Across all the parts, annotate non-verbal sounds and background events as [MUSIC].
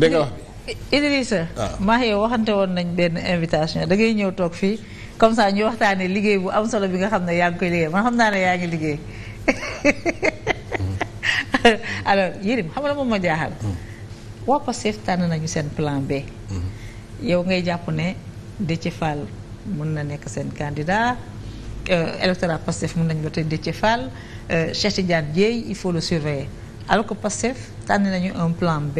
dégg nga wax ah. waxante woon nañ benn invitation da ngay ñëw toog fii comme ça ñu waxtaanee liggéey bu am solo bi nga xam ne yaa ngi koy liggéey man xam naa ne yaa ngi liggéey [LAUGHS] alors Yérim xam la moom ma jaaxal hmm. waa Pastef tànn nañu seen plan B hmm. yow ngay jàpp ne Déthié Fall mun na nekk seen candidat euh, électorat Pastef mën nañu ba tey Déthié Fall euh, Cheikh Tidiane Dièye il faut le surveiller alors que Pastef tànn nañu un plan B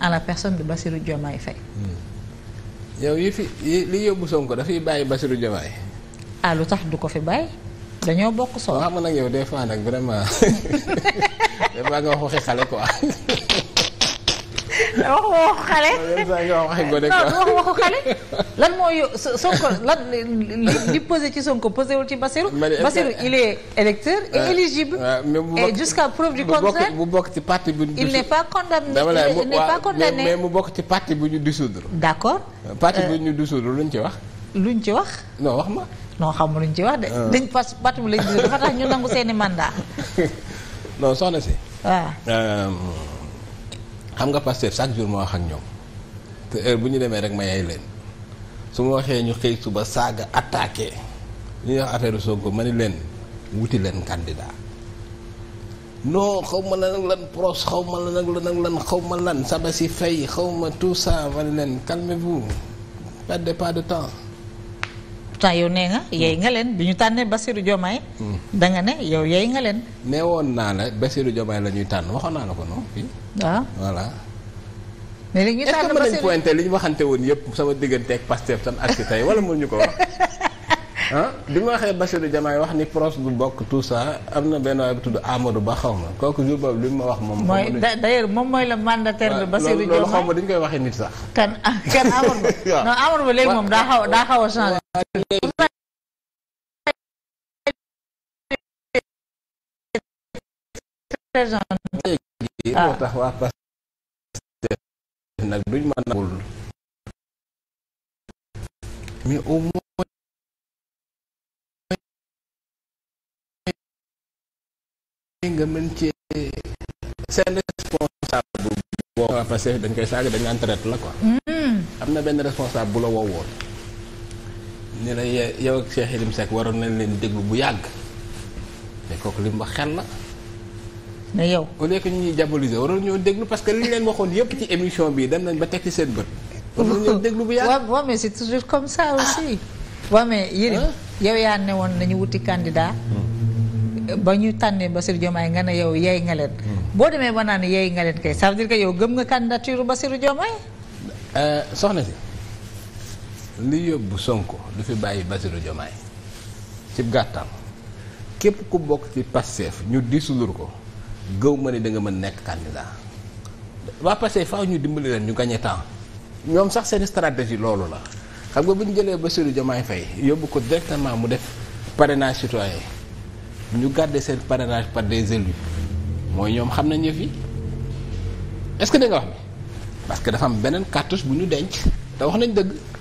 à la personne de Bassirou Diomaye Faye. Hmm. yow yi fi li yóbbu Sonko dafay bàyyi Bassirou Diomaye. ah lu tax du ko fi bàyyi. dañoo bokk solo. waaw man ak yow des fois nag vraiment [LAUGHS] des fois nga waxu xale quoi. [LAUGHS] waxu waxu xale. non waxu xale. lan Sonko lan li posé ci Sonko posé wul ci Bassirou. Bassirou il est électeur et euh, euh, éligible. et jusqu'à preuve du contraire mu bokk ci parti bu ñu. il n'est pas mu bokk ci parti bu ñu dissoudre. d'accord. parti euh, bu ñu dissoudre luñ ci wax. luñ ci wax. non wax ma. non xam luñ ci wax de. dañ fas parti bu lañ dissoudre dafa tax ñu nangu seeni mandat. [LAUGHS] non soxna si. waaw. xam nga Pastef chaque jour ma wax ak ñoom te heure bu ñu demee rek ma yay leen su ma waxee ñu xëy suba saaga attaqué li ñuy wax affaire Sonko ma ni leen wuti leen candidat non xaw ma la nag lan proche xaw ma la nag lan lan xaw ma lan saba si fay xawma ma tout ça ma ni leen calmez-vous perdez pas de temps. pourtant yow nee nga yey nga leen bi ñu tànnee Bassirou Diomaye. Hmm. da nga ne yow yey nga leen. nee woon naa la Bassirou Diomaye la ñuy tànn waxoon naa la ko non waaw ah. voilà. mais léegi ñu mën nañu pointé li ñu waxante woon yëpp sama diggante ak Pastef tam ak si tey wala ñu ko wax. [LAUGHS] ah bi ma waxee Bassirou Diomaye wax ni proche bu bokk tout ça am na benn waay bu tudd Amadou Ba xaw ma kooku jour boobu li mu ma wax moom. mooy d'ailleurs moom mooy le mandataire de Bassirou loolu xaw ma dañu koy waxee nit sax. kan [LAUGHS] kan [LAUGHS] Amadou Ba léegi moom daa xaw daa xaw a moo tax waa Pastef nag duñ ma nangul mais nga mën ci seen responsable bu woo waa Pastef dañ koy saaga dañ naan traite la quoi hmm. am na benn responsable bu la woowoon ni la yow ak Cheikh Yerim Seck waroon na leen déglu bu yàgg mais kooku li mu xel la ne yow au lieu que ñu ñuy diaboliser waroon ñoo déglu parce que li ñu leen waxoon yëpp ci émission bi dem nañ ba tekki seen bët. waroon ñoo [LAUGHS] déglu bu yàgg. waaw waaw mais c'est toujours comme ça aussi. waaw mais Yérim yow yaa ne woon nañu wuti candidat. ba ñu tànnee Bassirou Diomaye nga ne yow yey nga leen. boo demee ba naan yey nga leen kay ça veut yow gëm nga candidature Bassirou Diomaye. Euh, soxna si li yóbbu Sonko du fi bàyyi Bassirou Diomaye ci képp ku bokk ci Pastef ñu disulur ko. gëw ma ne da nga mën nekk candidat waa passé faaw ñu dimbali leen ñu gagné temps ñoom sax seen stratégie loolu la xam nga bu ñu jëlee Bassirou Diomaye fay yóbbu ko directement mu def parrainage citoyen ñu garder seen parenage par des élus mooy ñoom xam nañ yëf yi est-ce que da nga wax bi parce dafa am beneen cartouche bu ñu denc te wax nañ dëgg